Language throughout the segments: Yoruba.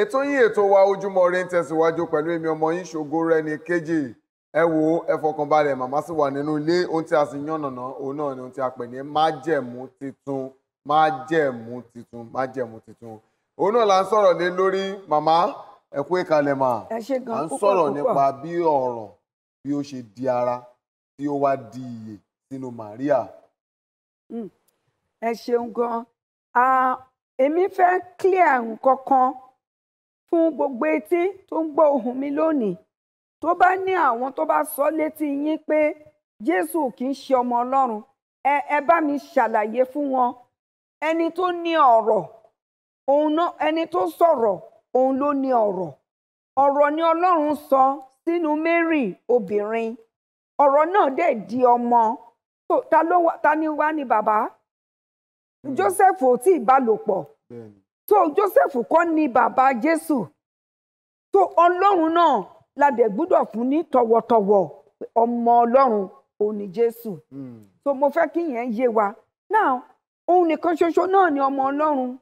ètò yín ètò wa ojúmọ́ rẹ ń tẹ̀síwájú pẹ̀lú èmi ọmọ yín ṣògo rẹ ní kejì ẹ wo ẹ fọkànbalẹ̀ màmá sì wà nínú ilé ohun tí a sì yànnàná òun náà ni ohun tí a pè ní májẹ̀mú titun májẹ̀mú titun májẹ̀mú titun òun náà la ń sọ̀rọ̀ lé lórí màmá ẹ kú ìkàlẹ̀ mà à ń sọ̀rọ̀ nípa bí ọ̀rọ̀ bí ó ṣe di ara tí ó wá di iyè sínú Màríà. Hmm. ẹ ṣeun gan-an èmi fẹ́ clear nǹkan kan fún gbogbo etí tó ń gbọ́ ohùn mi lónìí tó bá ní àwọn tó bá sọ létí yín pé Jésù kì í ṣe ọmọ Ọlọ́run ẹ ẹ bá mi ṣàlàyé fún wọn ẹni tó ní ọ̀rọ̀ òun náà ẹni tó sọ̀rọ̀ òun ló ní ọ̀rọ̀ ọ̀rọ̀ ni Ọlọ́run sọ sínú Mary obìnrin ọ̀rọ̀ náà dẹ̀ di ọmọ ta ló wá ta ni wá ni bàbá Joseph ò tí ì bá lò pọ̀ so Joseph kọ́ ni bàbá Jésù so Ọlọ́run náà la dẹ̀ gbúdọ̀ fún ní tọ̀wọ̀tọ̀wọ̀ ọmọ Ọlọ́run òun ni Jésù hmm. so mo fẹ́ kí yẹn yé wa now òun nìkan ṣoṣo náà ni ọmọ Ọlọ́run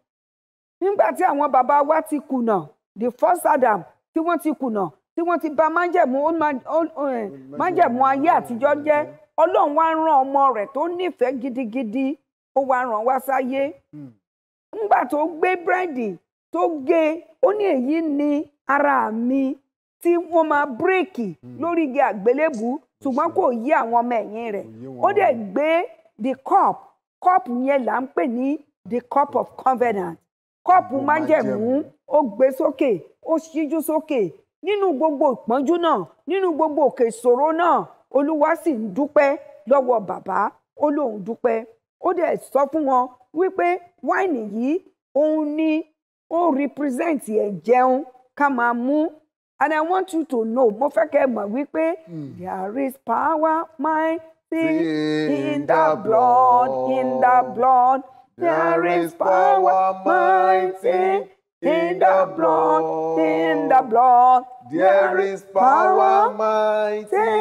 nígbà tí àwọn bàbá wa ti kùnà the first Adam tí wọ́n ti kùnà tí wọ́n ti bà májẹ̀mú májẹ̀mú ayé àtijọ́ jẹ́ Ọlọ́run wá rán ọmọ rẹ̀ tó nífẹ̀ẹ́ gidigidi ó wá rán wá sáyé hmm ńgbà tó gbé búrẹ́dì tó gé ó ní èyí ni ara mi tí wọ́n máa bírèkì hmm. lórí igi àgbélébù ṣùgbọ́n kò yí àwọn ọmọ ẹ̀yìn rẹ̀ ó dẹ̀ gbé the cup cup yẹn là ń pè ní the cup of covenant cup májẹ̀mú ó gbé sókè ó ṣíjú sókè nínú gbogbo ìpọ́njú náà nínú gbogbo òkè ìṣòro náà olúwa sì ń dúpẹ́ lọ́wọ́ bàbá ó lóun dúpẹ́ ó dẹ̀ sọ fún wọn wípé wáìnì yìí òun ni ó represent ẹ̀jẹun ká máa mú and I want you to know mo fẹ́ kẹ́ mọ̀ wípé hmm. there is power my thing in the blood in the blood there is power my thing. In the blood, in the blood, there is power mighty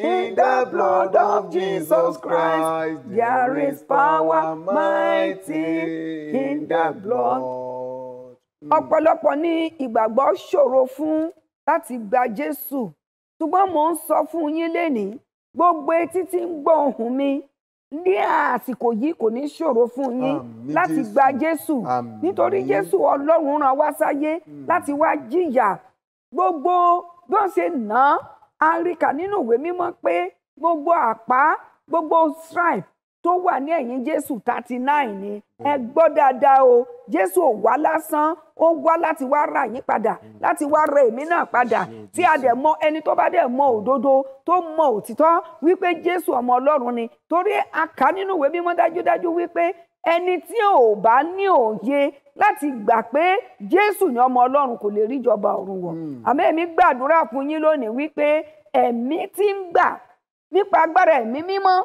In the blood of Jesus Christ, there is power mighty in the blood. Hmm. Ọ̀pọ̀lọpọ̀ ni ìgbàgbọ́ ṣòro fún láti gba Jésù. Ṣùgbọ́n mò ń sọ fún yín lénìí, gbogbo etí tí ń gbọ́ ohùn mi ní àsìkò yìí kò ní ṣòro fún yín láti gba Jésù. Nítorí Jésù Ọlọ́run rán wá sáyé hmm. láti wá jìyà gbogbo bí wọ́n ṣe nà a rí kà nínú ìwé mímọ́ pé gbogbo àpá gbogbo stripe tó wà ní ẹ̀yìn jésù thirty nine ni hmm. ẹ gbọ́ dáadáa o jésù ò wá lásán ó wá láti wá ra yín padà hmm. láti wá ra èmi náà padà tí a dẹ̀ mọ ẹni tó bá dẹ̀ mọ òdodo tó mọ òtítọ́ wípé jésù ọmọ ọlọ́run ni torí a kà nínú ìwé mímọ́ dájúdájú wípé ẹni tí ò bá ní òye láti gbà pé jésù ni ọmọ ọlọ́run kò lè ríjọba ọ̀run wọ̀ hmm. àmọ́ èmi gbàdúrà fún yín lónìí wípé ẹ̀mí tí ń gbà nípa agbára ẹ̀mí mímọ́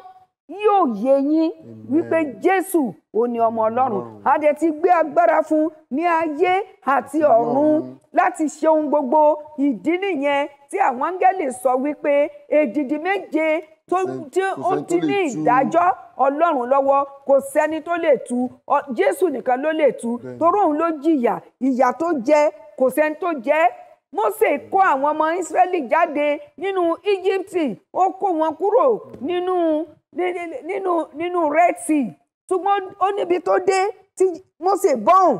yóò yé yín wípé jésù ò ní ọmọ ọlọ́run a dẹ̀ ti gbé agbára fún ní ayé àti ọ̀run láti ṣe ohun gbogbo ìdí nìyẹn tí àwọn áńgẹ́lì sọ wípé èdìdì méje tó tí ó ti ní ìdájọ́ ọlọ́run lọ́wọ́ kò sẹ́ni tó lè tú jésù nìkan ló lè tú torí òun ló jìyà ìyà tó jẹ kò sẹ́ni tó jẹ Mósè kó àwọn ọmọ Ísírẹ́lì jáde nínú Íjíbítì ó kó wọn kúrò nínú nínú nínú Red Sea ṣùgbọ́n ó níbi tó dé tí Mósè bọ́ùn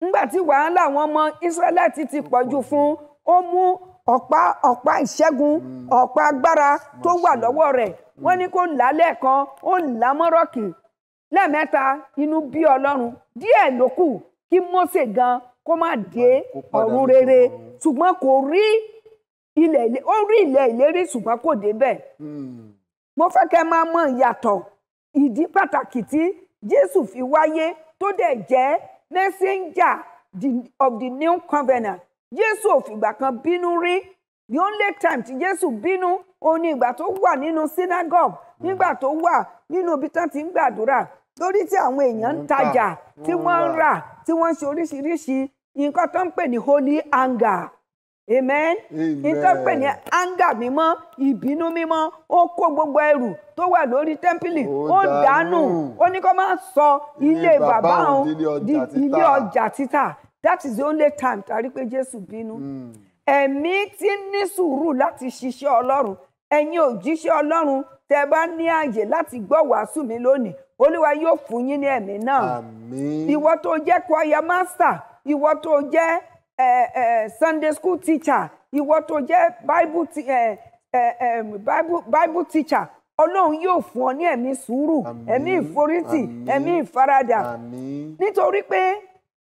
nígbà tí wàhálà àwọn ọmọ Ísírẹ́lì ti ti pọ̀jù fún ó mú ọ̀pá ọ̀pá ìṣẹ́gun hmm. ọ̀pá agbára tó wà lọ́wọ́ rẹ̀ wọ́n ní kó là lẹ́ẹ̀kan ó là mọ́rọ́kì lẹ́ẹ̀mẹ́ta inú bí ọlọ́run díẹ̀ ló kù kí Mósè gan kó má dé ọ̀run rere ṣùgbọ́n kò rí ilẹ̀ ó rí ilẹ̀ ìlérí ṣùgbọ́n kò débẹ̀ hmm. mo fẹ́ kẹ́ máa mọ ìyàtọ̀ ìdí pàtàkì tí Jésù fi wáyé tó dẹ̀ jẹ́ messenger of the new covenant jésù ò fìgbà kan bínú rí the only time tí jésù bínú òun ni ìgbà tó wà nínú synagogue nígbà tó wà nínú ibi tán ti ń gbàdúrà lórí tí àwọn èèyàn ń tajà tí wọ́n ń rà tí wọ́n ń ṣe oríṣiríṣi nǹkan tó ń pè ní holy anger amen nǹkan pè ní anger mímọ́ ìbínú mímọ́ ó kó gbogbo ẹrù tó wà lórí tẹ́ḿpìlì ó dànù ó ní kó máa sọ ilé bàbá òun di ilé ọjà títà that is the only time tàrí pé Jésù bínú ẹ̀mí tí ní sùúrù láti ṣiṣẹ́ Ọlọ́run ẹ̀yin òjíṣẹ́ Ọlọ́run tẹ́ bá ní àyè láti gbọ́ wàásù mi lónìí Olúwa yóò fún yín ní ẹ̀mí náà ìwọ tó jẹ́ choir master ìwọ tó jẹ́ Sunday school teacher ìwọ tó jẹ́ Bible Bible Bible teacher Ọlọ́run yóò fún ọ ní ẹ̀mí sùúrù ẹ̀mí ìforítì ẹ̀mí ìfaradà nítorí pé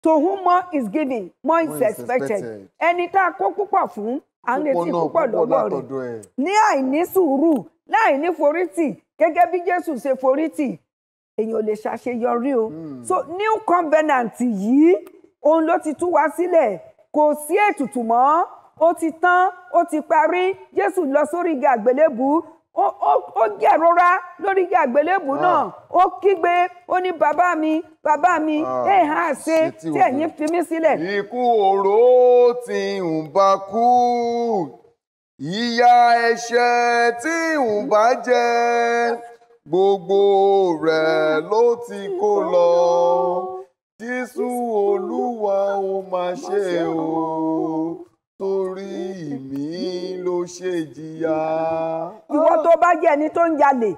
to whom more is given more is expected ẹni tá a kó púpọ̀ fún à ń retí púpọ̀ lọ́wọ́ rẹ̀ ní àìní sùúrù láì ní forítì gẹ́gẹ́ bí Jésù ṣe forítì èèyàn ò lè ṣàṣeyọrí o hmm. so new covenant yìí òun ló ti tú wa sílẹ̀ kò sí ètùtù mọ́ ó ti tán ó ti parí Jésù lọ sórí igi àgbélébùú ó jẹ̀rora lórí àgbélébù ah. náà ó kígbe ó ní bàbá mi bàbá mi ah, ẹ hà ṣe tí ẹ̀yin fi mí sílẹ̀. ikú oró tí ń bá kú ìyà ẹ̀ṣẹ̀ tí ń bá jẹ gbogbo rẹ̀ ló ti kó lọ jésù olúwa ó máa ṣe o torí mi ló ṣe jìyà. ìwọ tó bá jẹ́ ẹni tó ń jalè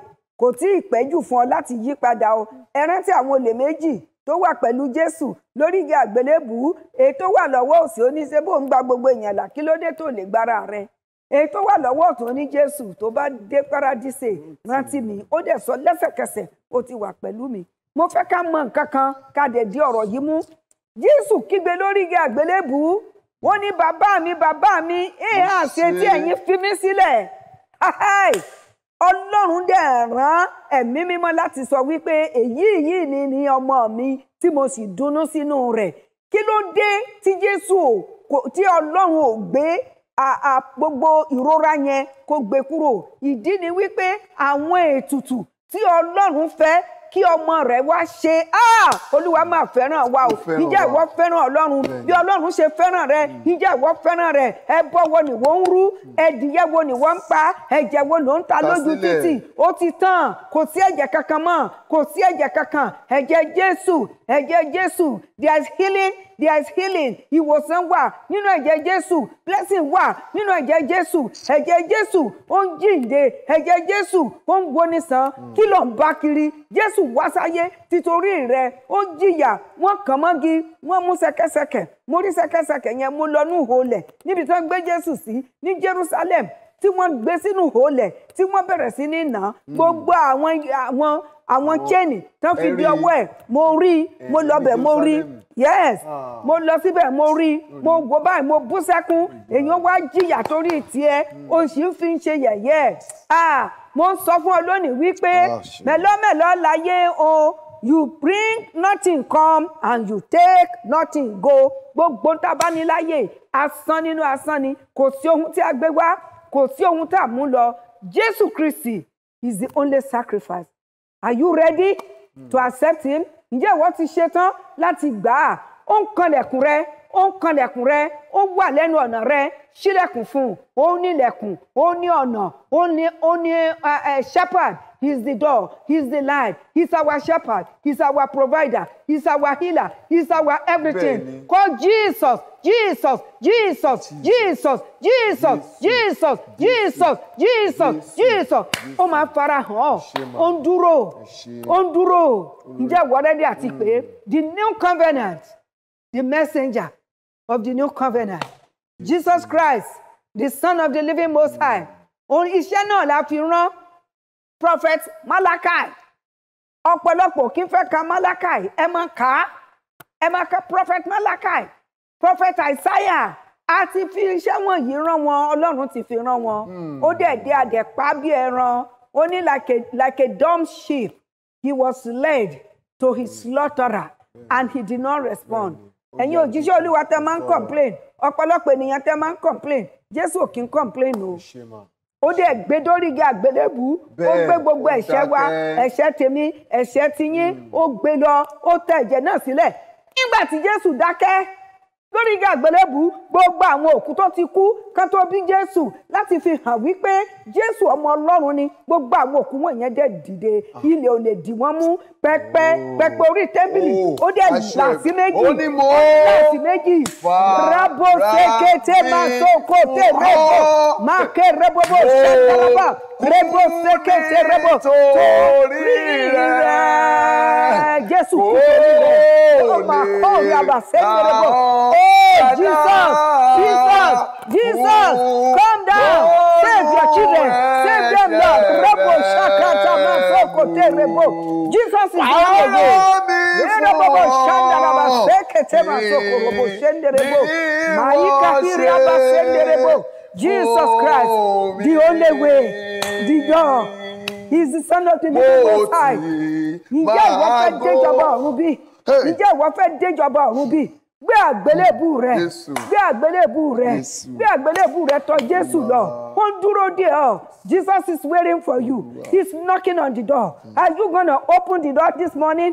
kò tí ì pẹ́jù fún ọ láti yí padà o ẹ rántí àwọn olè méjì tó wà pẹ̀lú jésù lórí igi àgbélébùú èyí tó wà lọ́wọ́ òsì oníṣẹ́ bó ń gba gbogbo èèyàn là kí ló dé tó lè gbára rẹ èyí tó wà lọ́wọ́ ọ̀tún ní jésù tó bá dé paradíṣe rántí mi ó dẹ̀ sọ lẹ́sẹ̀kẹsẹ̀ ó ti wà pẹ̀lú mi mo fẹ́ ká mọ nǹkan kan ká dẹ̀ di ọ̀rọ̀ yìí mú jésù kígbe lórí igi wọ́n ní bàbá mi bàbá mi èèyàn àti etí ẹ̀yìn fi mí sílẹ̀ ọlọ́run dẹ̀ rán ẹ̀mí mímọ́ láti sọ wípé èyí yìí ni ni ọmọ mi tí mo sì dunnú sínú rẹ̀ kí ló dé tí jésù tí ọlọ́run ò gbé gbogbo ìrora yẹn kó gbé kúrò ìdí ni wípé àwọn ètùtù tí ọlọ́run fẹ́ kí ọmọ rẹ̀ wá ṣe ah! olúwa máa fẹ́ràn wa o ǹjẹ́ ìwọ fẹ́ràn ọlọ́run bí ọlọ́run ṣe fẹ́ràn rẹ hmm. ǹjẹ́ ìwọ fẹ́ràn rẹ ẹbọ wo ni wọ́n ń rú hmm. ẹdìyẹ wo ni wọ́n ń pa ẹ̀jẹ̀ wo ló ń ta lójú títì ó ti tán kò sí ẹ̀jẹ̀ kankan mọ́ kò sí ẹ̀jẹ̀ kankan ẹ̀jẹ̀ jésù ẹ̀jẹ̀ jésù there is healing there is healing ìwòsàn wà nínú ẹ̀jẹ̀ jésù blessing wà nínú ẹ̀jẹ̀ jésù ẹ̀jẹ̀ jésù ó ń jíǹde ẹ̀jẹ̀ jésù ó ń gbóni sàn hmm. kí ló ń bá kiri jésù wá sáyé títorí rẹ ó jìyà wọ́n kàn mọ́gi wọ́n mú ṣẹ̀kẹ̀ṣẹ̀kẹ̀ mo rí ṣẹ̀kẹ̀ṣẹ̀kẹ̀ yẹn mo lọ ní ìhòòlẹ̀ níbi tó ń gbé jésù sí ní jerusalem tí wọ́n gbé sínú ìhòòlẹ̀ tí wọ́n bẹ̀rẹ̀ sí ní nà hmm. gbogbo àwọn àwọn àwọn chain tán fi bí ọwọ́ ẹ̀ mo rí mo lọ bẹ̀ mo rí yes ah. mo lọ síbẹ̀ mo rí mo mm. wò báyìí mo bú sẹ́kún mm. èèyàn wá jìyà torí tiẹ̀ o mm. sì ń fi ń ṣe yẹ̀yẹ́ ah mo ń sọ fún ọ lónìí wípé ah, mẹ́lọ́mẹ́lọ́ láyé o you bring nothing come and you take nothing go gbogbo tá a bá ní láyé asán nínú asán ni kò sí ohun tí a gbé wá kò sí ohun tá a mú lọ Jésù Kristi is the only sacrifice are you ready mm. to accept him ǹjẹ́ ìwọ ti ṣe tán láti gbà á ó ń kanlẹ̀kùn rẹ ó ń kanlẹ̀kùn rẹ ó wà lẹ́nu ọ̀nà rẹ ṣílẹ̀kùn fún un ó ní ilẹ̀kùn ó ní ọ̀nà ó ní ó He's the door. He's the light. He's our shepherd. He's our provider. He's our healer. He's our everything. Call Jesus. Jesus, Jesus, Jesus, Jesus, Jesus, Jesus, Jesus, Jesus. Ó máa fara hàn onduro, ó ń dúró, ati ń mm. the new covenant, the messenger of the new covenant, Jesus mm. Christ, the son of the living most mm. high. Òun iṣẹ́ náà la fi rán prophet malachi ọ̀pọ̀lọpọ̀ kí n fẹ́ ka malachi ẹ máa kà ẹ máa ka prophet malachi prophet isaiah a ti fi iṣẹ́ wọ̀nyí rán wọn ọlọ́run ti fi rán wọn ó hmm. dẹ̀ dé adẹ̀pá bí ẹran ó ní like a like a dumb sheep he was led to his hmm. slaughterer hmm. and he did not respond ẹ̀yin òjíṣẹ́ olúwa tẹ́ máa ń complain ọ̀pọ̀lọpọ̀ ènìyàn tẹ́ máa ń complain jésù ò kí ń complain o ó dẹ̀ gbé dórígi àgbélébù ó gbé gbogbo ẹ̀ṣẹ̀ wa ẹ̀ṣẹ̀ tèmi ẹ̀ṣẹ̀ tiyín ó gbé lọ ó tẹ̀ ẹ̀jẹ̀ náà sílẹ̀ nígbà tí Jésù dákẹ́ lórí igi àgbélébù gbogbo àwọn òkú tó ti kú kan tó bí jésù láti fi hàn wípé jésù ọmọ ọlọ́run ni gbogbo àwọn òkú wọn yẹn dẹ̀ dìde ah. ilẹ̀ ò lè dì wọ́n mú pẹpẹ oh. pẹpẹ orí tẹ́bìlì oh. ó dẹ̀ là méjì là méjì rábò sékété máa tó kó tè rébò máa ké rébòbò sẹ́ńtẹ́rẹ́bà rébò sékété rébò tó rí rẹ̀. Eh, Jésù kú lórí rẹ̀. Oh ah, ah, eh, ah, Jesus Jesus Jesus oh, calm down oh, save your children save them eh, Lord. Rẹ́pọ̀ ṣàkàtà máa fọ́ kò tẹ̀ rẹ̀ bọ̀. Jesus is the way of way. Rẹ́rẹ́ bọ̀bọ̀ ṣàndàlà bá ṣe kẹ̀tẹ́ máa sọ kò rọ̀bọ̀ ṣe ń dẹrẹ̀ bọ̀. Màá yí kàkiri àbàṣẹ́ Jesus Christ the only way the door he is the son of the most high ǹjẹ́ ìwọ fẹ́ déjọba ọ̀run bí ǹjẹ́ ìwọ fẹ́ déjọba ọ̀run bí gbé àgbélébù rẹ gbé àgbélébù rẹ gbé àgbélébù rẹ tọ̀ Jésù lọ ó ń dúró dè ọ́ Jesus is waiting for you he is knocking on the door are you gonna open the door this morning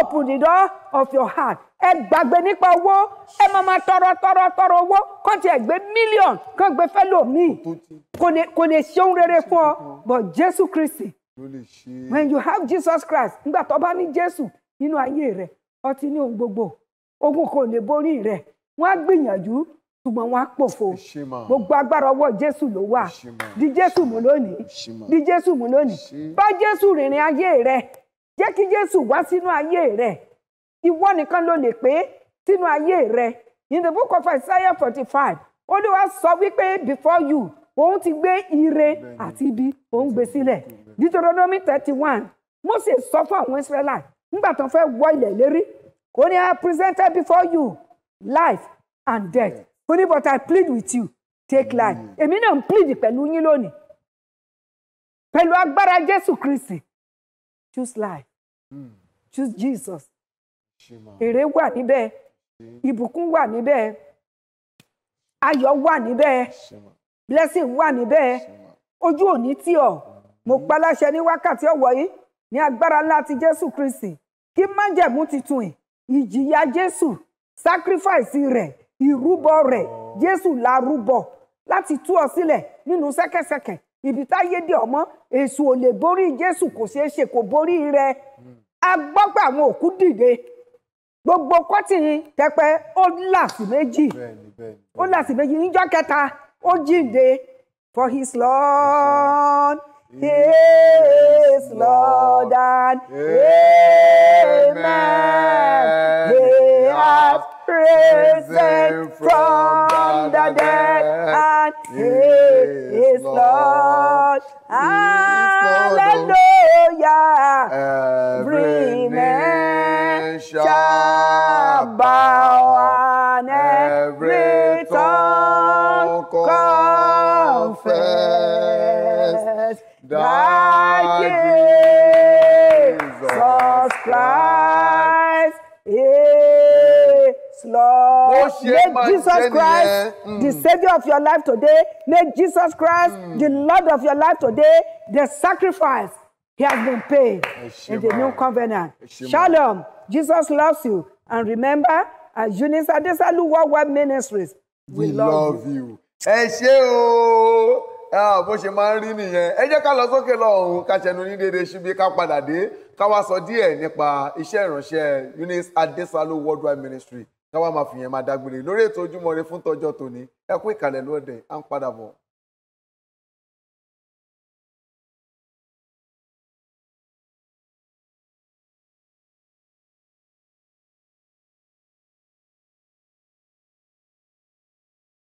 open the door of your heart ẹ gbàgbé nípa owó ẹ máa ma tọrọ tọrọ tọrọ owó kàn tiẹ̀ gbé mílíọ̀n kàn gbé fẹ́lòmíì kò lè ṣe ohun rere fún ọ but Jésù Kristi when you have Jesus Christ nígbà tó bá ní Jésù nínú ayé rẹ ó ti ní ohun gbogbo ogun kò lè borí rẹ wọn á gbìyànjú ṣùgbọ́n wọn á pòfo gbogbo agbára ọwọ Jésù ló wà di Jésù mú lónìí di Jésù mú lónìí bá Jésù rìnrìn ayé rẹ jẹ́ kí Jésù wá sínú ayé rẹ ìwọ nìkan ló lè pé sínú ayé rẹ in the book of Isaiah forty five Olúwa sọ wípé before you òun ti gbé ire àti ibi òun gbé sílẹ̀ Deuteronomy thirty one Mósè sọ fún àwọn Israelite nígbà tó fẹ́ wọ ilẹ̀ lérí ó ní I presented before you life and death ó ní but I plead with you take life hmm. èmi náà ń plead pẹ̀lú yín lónìí pẹ̀lú agbára Jésù Kristi choose life hmm. choose Jesus èrè wà níbẹ̀ ìbùkún wà níbẹ̀ ayọ̀ wà níbẹ̀ blessing wà níbẹ̀ ojú òní tí ọ mo mm. pa láṣẹ ní wákàtí ọ̀wọ̀ yìí ní agbára ńlá ti jésù kristi kí májẹ̀mú titun ìjìyà jésù sacrifice rẹ̀ ìrúbọ rẹ̀ jésù la rúbọ láti tú ọ sílẹ̀ nínú ṣẹ̀kẹ̀ṣẹ̀kẹ̀ ibi táyé dé ọmọ èṣù ò lè borí jésù kò ṣeé ṣe kò borí rẹ̀ a gbọ́ pé àwọn òkú dìde gbogbo kọ́tì tẹpẹ ó là méjì ó là méjì níjọ́ kẹta O jíǹde for his Lord. His Lord, and Amen. They are risen from the dead, and His Lord. Lord. Make Jesus Christ mm. the hmm. Savior of your life today. Make Jesus Christ mm. the hmm. Lord of your life today. The sacrifice he has been paid in the new covenant. Shalom. Jesus loves you. And remember, at Eunice Adesalu Worldwide Ministries, we, we love, love you. bó ṣe máa ń rí nìyẹn. Ẹ jẹ́ ká lọ sókè lọ́hùn ká ṣẹnu ní dédé ṣubí ká padà dé ká wá sọ díẹ̀ nípa iṣẹ́ ìránṣẹ́ Eunice Adesalu Worldwide Ministry ká wá máa fìyẹn máa dágbére lórí ètò ojúmọ́ ire fún tọjọ́ tòní ẹ kú ìkàlẹ̀ lóde à ń padà bọ̀.